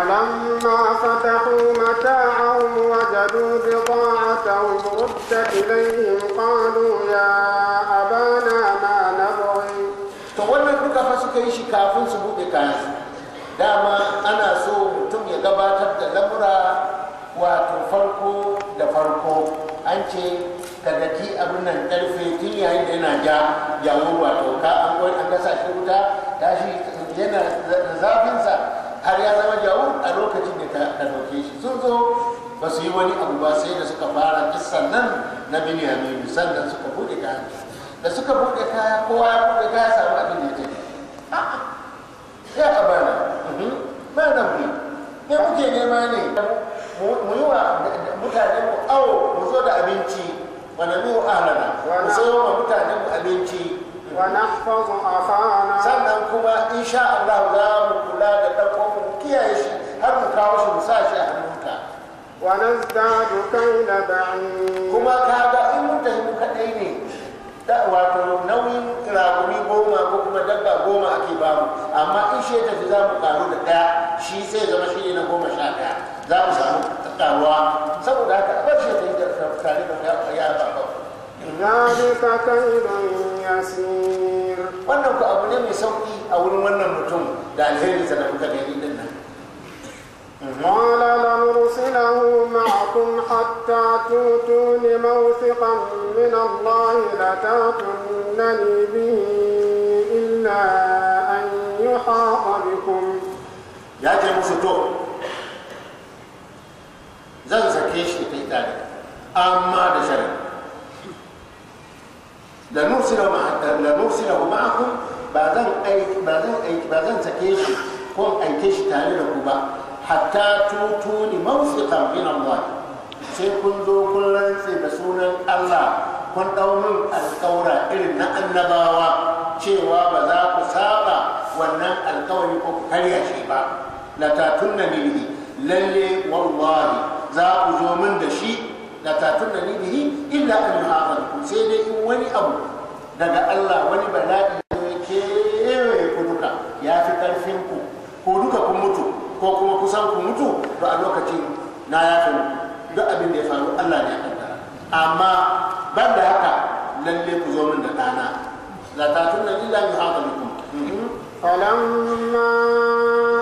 فلما فتحوا متاعهم وجدوا بضاعتهم ردت إليهم قالوا يا أبانا ما نبغي wannan duka fa suka yi shi kafin su buɗe kayansu dama ana so mutum ya gabatar da lamura wato farko da farko an ce ka daki abin nan karfe tun yayin da yana ja yawo wato ka an gwai an gasa shi wuta tashi yana da zafinsa har ya zama jawur a lokacin da ta ɗauke shi sun zo ba su yi wani abu ba sai da suka fara kisan nan na binyamin sannan suka buɗe kayan da suka buɗe kaya kowa ya buɗe kaya samu abin da ya take ya abana ba da mu ne muke nema ne mu yi wa mutane mu awo mu zo da abinci wani mu alana mu sayo wa mutane mu abinci sannan kuma insha Allah za mu kula da ɗauko kiyaye shi har mu kawo shi mu sa shi a hannunka wa nazdadu da ba'in kuma ga in mun tafi mu kadai ne wato nauyin raguni goma ko kuma dabba goma ake bamu amma in shi tafi za mu karu da daya shi sai zama shi ne na goma sha daya za mu samu karuwa saboda haka a barshe ta yi da tare da ya ba zalika kaidun yasir wannan ku abu ne mai sauki a wurin wannan mutum da alheri da muka gani قال لنرسله معكم حتى توتوني موثقا من الله لتاتونني به الا ان يحاط بكم يا جماعه شتو زن زكيشي اما بشر لنرسله معكم لن معكم بعدين اي بعدين اي بعدين زكيشي قوم اي كيشي تعالوا لكم hatta tutu ni mawsiqan min Allah sai kun zo kun rantse da sunan Allah kun dau min alƙawra irin na annabawa cewa ba za ku saba wannan alƙawari ko ku karya shi ba la ni bihi lalle wallahi za ku zo min da shi la ni bihi illa an yu'afakum sai dai in wani abu daga Allah wani bala'i ko kuma kusan ku mutu to a lokacin na ya yafe duk abin da ya faru Allah ne ya kaddara amma ban da haka lalle ku zo min da ɗana la tatunna illa bi hadalikum فلما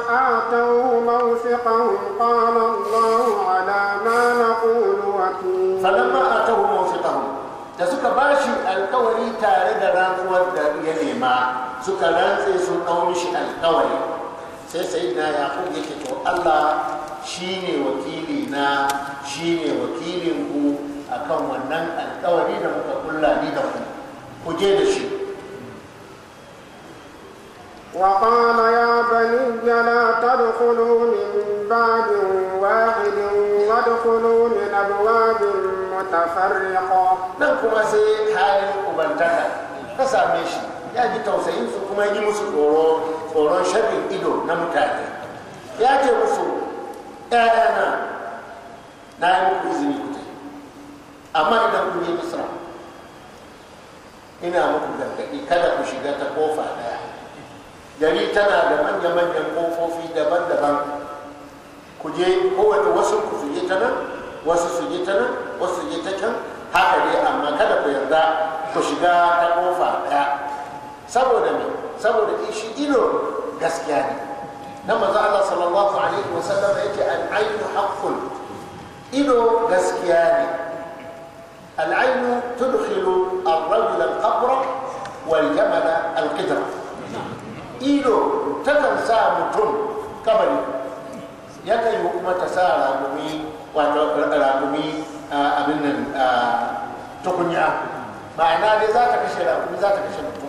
آتوا موثقهم قال الله على ما نقول وكيل فلما آتوا موثقهم da suka ba shi alkawari tare da rantsuwar da ya nema suka rantse sun ɗau mishi alkawari sai sai na ya ku yake to Allah shi ne wakili shi ne wakilin ku akan wannan alƙawari da muka kula ni da ku je da shi wa qala ya bani ya la tadkhulu min ba'di wahid wa tadkhulu min abwab mutafarriqa dan ku ma sai ka yi ubantaka ka same shi ya ji tausayin su kuma yi musu doro tsoron sharrin ido na mutane ya ce musu ‘ya'yana na yi muku izini kuta amma idan kun yi misra ina muku gargaɗi kada ku shiga ta kofa ɗaya gari tana da manya-manyan kofofi daban-daban ku je kowane wasu ku su je ta nan wasu su je ta nan wasu su je ta can haka dai amma kada ku yarda ku shiga ta kofa ɗaya saboda mai. saboda shi ido gaskiya ne na maza Allah sallallahu alaihi wa sallam ya ce al'ainu haqqun ido gaskiya ne al'ainu tudkhilu ar-rajula al-qabra wal jamala al-qidra ido takan sa mutum kabari yakan yi kuma ta sa ragumi wato ragumi abin nan tukunya ma'ana dai za ka kashe ragumi za ka kashe mutum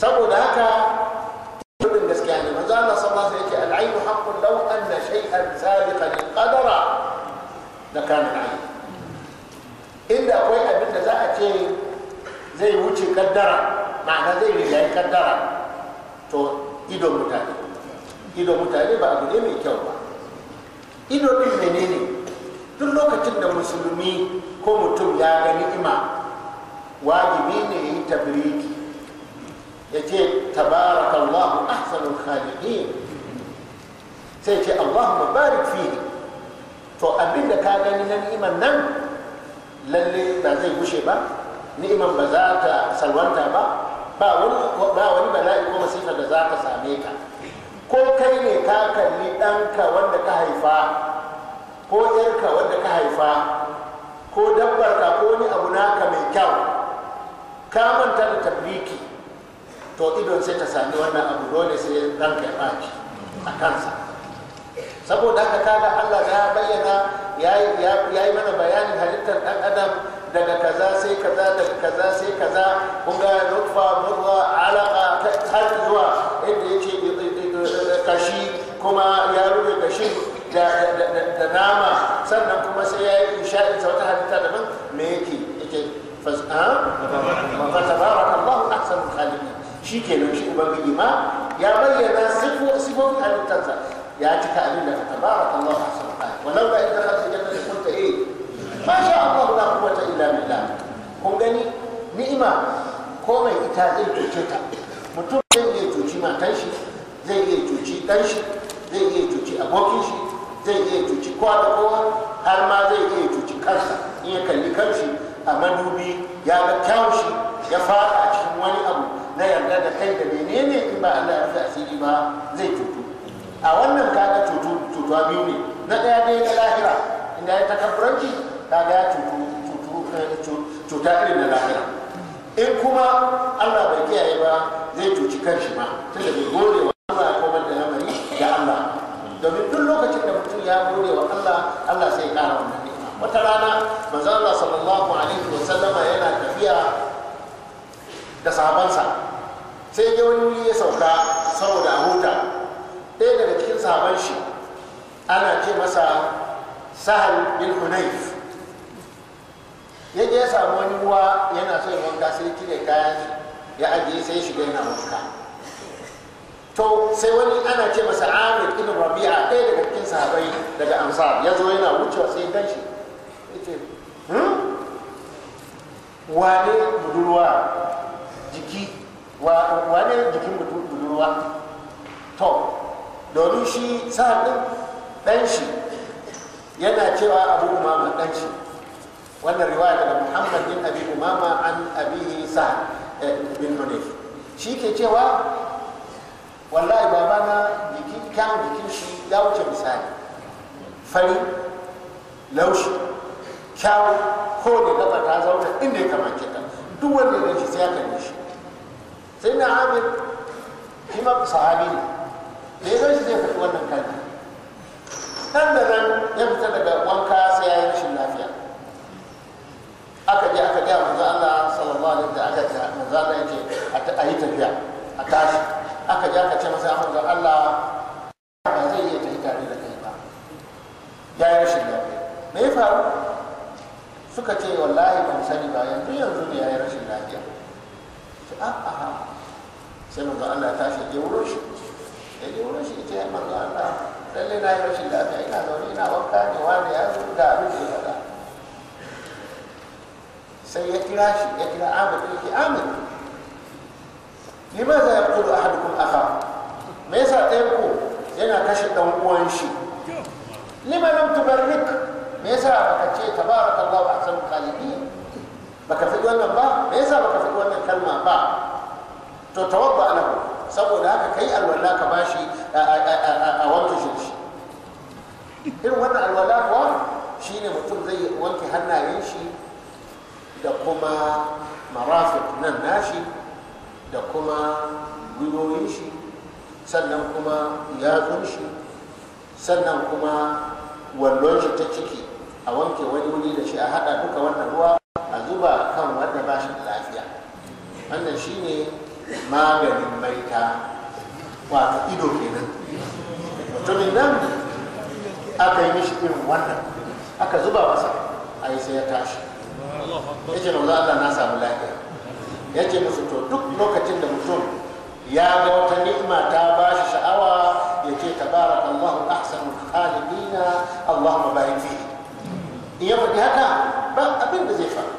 saboda haka tunin gaskiya ne manzo Allah sallallahu alaihi wasallam yake al ayn haqqun law anna shay'an sabiqan qadara da kana inda akwai abin da za a ce zai wuce kaddara ma'ana zai rigayi kaddara to ido mutane ido mutane ba abu ne mai kyau ba ido din menene duk lokacin da musulmi ko mutum ya ga ni'ima wajibi ne ya yi tabriki يجي تبارك الله أحسن sai سيجي اللهم barik فيه to abin da ka gani na ni'imar nan lalle ba zai gushe ba ni'imar ba za ta salwanta ba ba wani bala'i ko masifa da za ta same ka ko kai ne ka kalli ɗanka wanda ka haifa ko yarka wanda ka haifa ko dabbarka ko wani abu naka mai kyau ka manta da tabbiki to idon sai ta sami wannan abu dole sai ranka ya baki a kansa saboda haka kaga Allah ya bayyana ya yi mana bayanin halittar ɗan adam daga kaza sai kaza daga kaza sai kaza kun ga nutfa murwa alaqa har zuwa inda yake eh, eh, eh, kashi kuma ya rufe kashi da nama sannan kuma sai ya yi isha'in wata halitta daban me yake yake fasa ah? Allahu ahsanul khaliqin shi ke nan shi ubangiji ma ya bayyana sifofin halittarsa ya cika abin da ka tabara kan Allah a sauƙa wannan ba inda kan sujata da kunta eh ma sha Allah kuma ta illa billah kun gani ni'ima ko mai ita zai cuce ta mutum zai iya cuci matan shi zai iya cuci dan shi zai iya cuci abokin shi zai iya cuci kowa da kowa har ma zai iya cuci kansa in ya kalli kansa a madubi ya ga kyawun shi ya fara a cikin wani abu kula da kai da menene in ba Allah ya asiri ba zai cutu a wannan kaga cutu cutuwa biyu ne na ɗaya ne na lahira inda ya takabburanci kaga ya cutu cuta irin na lahira in kuma Allah bai kiyaye ba zai cuci kanshi ma tunda bai gode wa Allah ko ban da lamari ga Allah domin duk lokacin da mutum ya gode wa Allah Allah sai ya ƙara wannan wata rana manzo Allah sallallahu alaihi wa sallama yana tafiya da sahabansa sai dai wani wuri ya sauka saboda a huta ɗaya daga cikin sahaban shi ana ce masa sahal bin hunayf ya ya samu wani ruwa yana so ya wanka sai cire kayan ya ajiye sai shiga yana wanka to sai wani ana ce masa amir ibn rabi'a ɗaya daga cikin sahabai daga ansar ya zo yana wucewa sai gan shi yace hmm wane budurwa wane jikin budurwa to domin shi sa'ad ɗin ɗan shi yana cewa abu umama ɗan shi wannan riwaya daga muhammad bin abi umama an abihi sa'ad eh, bin hunayf shi ke cewa wallahi babana jikin kyan jikin shi ya wuce misali fari laushi kyawu ko da gaba ta zauna inda ya kamace ta duk wanda ya shi sai ya kalle shi sai na amir shi ma sahabi ne da ya zai zai faɗi wannan kalma nan da nan ya fita daga wanka sai ya yi rashin lafiya aka je aka gaya manzo Allah sallallahu alaihi wasallam aka ce manzo Allah yake a yi tafiya a tashi aka je aka ce masa manzo Allah ba zai iya tafi tare da kai ba ya yi rashin lafiya me ya faru suka ce wallahi ban sani ba yanzu yanzu ne ya yi rashin lafiya A'a. sai manzo Allah ya tashi je wuro shi ya je wuro shi ce manzo Allah lalle na yi rashin lafiya ina zaune ina wanka ne wani ya zo da abin da ya faɗa sai ya kira shi ya kira Amir ya ce Amir limaza a ahadukum akha me yasa ɗayan ku yana kashe ɗan uwan shi lima lam tubarrik me yasa baka ce tabarakallahu ahsanul khaliqin baka fi wannan ba me yasa baka fi wannan kalma ba to tawadda lahu saboda haka kai alwala ka bashi a wanke shi irin wannan alwala kuwa shine mutum zai wanke hannayen shi da kuma marafiq nan nashi da kuma gwiwoyin shi sannan kuma yatsun shi sannan kuma wallon shi ta ciki a wanke wani wuri da shi a hada duka wannan ruwa a zuba kan wanda bashi da lafiya wannan shine maganin maita wata ido kenan mutumin nan aka yi mishi irin wannan aka zuba masa a yi sai ya tashi ya ce manzo Allah na samu lafiya ya ce musu to duk lokacin da mutum ya ga wata ni'ima ta ba shi sha'awa ya ce bara Allahu ahsanu khalidina Allahumma barik fi in ya faɗi haka ba abin da zai faru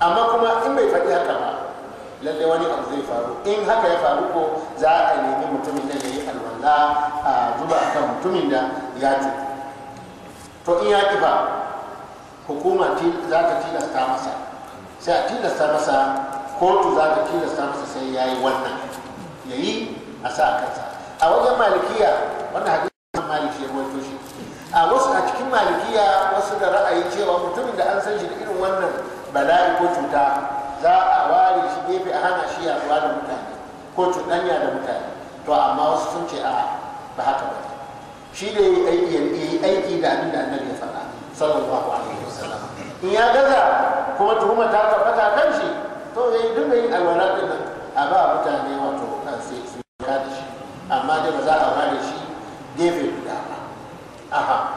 amma kuma in bai faɗi haka ba lalle wani abu zai faru in haka ya faru ko za a nemi mutumin da ya yi alwala a zuba kan mutumin da ya ce. to in ya ƙi ba hukuma za ta tilasta masa sai a tilasta masa kotu za ta tilasta masa sai ya yi wannan ya yi a sa kansa a wajen malikiya wannan hadisin maliki ya rawaito shi a wasu a cikin malikiya wasu da ra'ayi cewa mutumin da an san shi da irin wannan bala'i ko cuta ko cuɗanya da mutane to amma wasu sun ce a ba haka ba shi da aiki ya yi aiki da abin da annabi ya faɗa sallallahu alaihi wasallam in ya gaza kuma tuhuma ta tabbata kan shi to ya yi dinga yin alwala din nan a ba mutane wato kan sai su ka shi amma dai ba za a ware shi gefe guda ba aha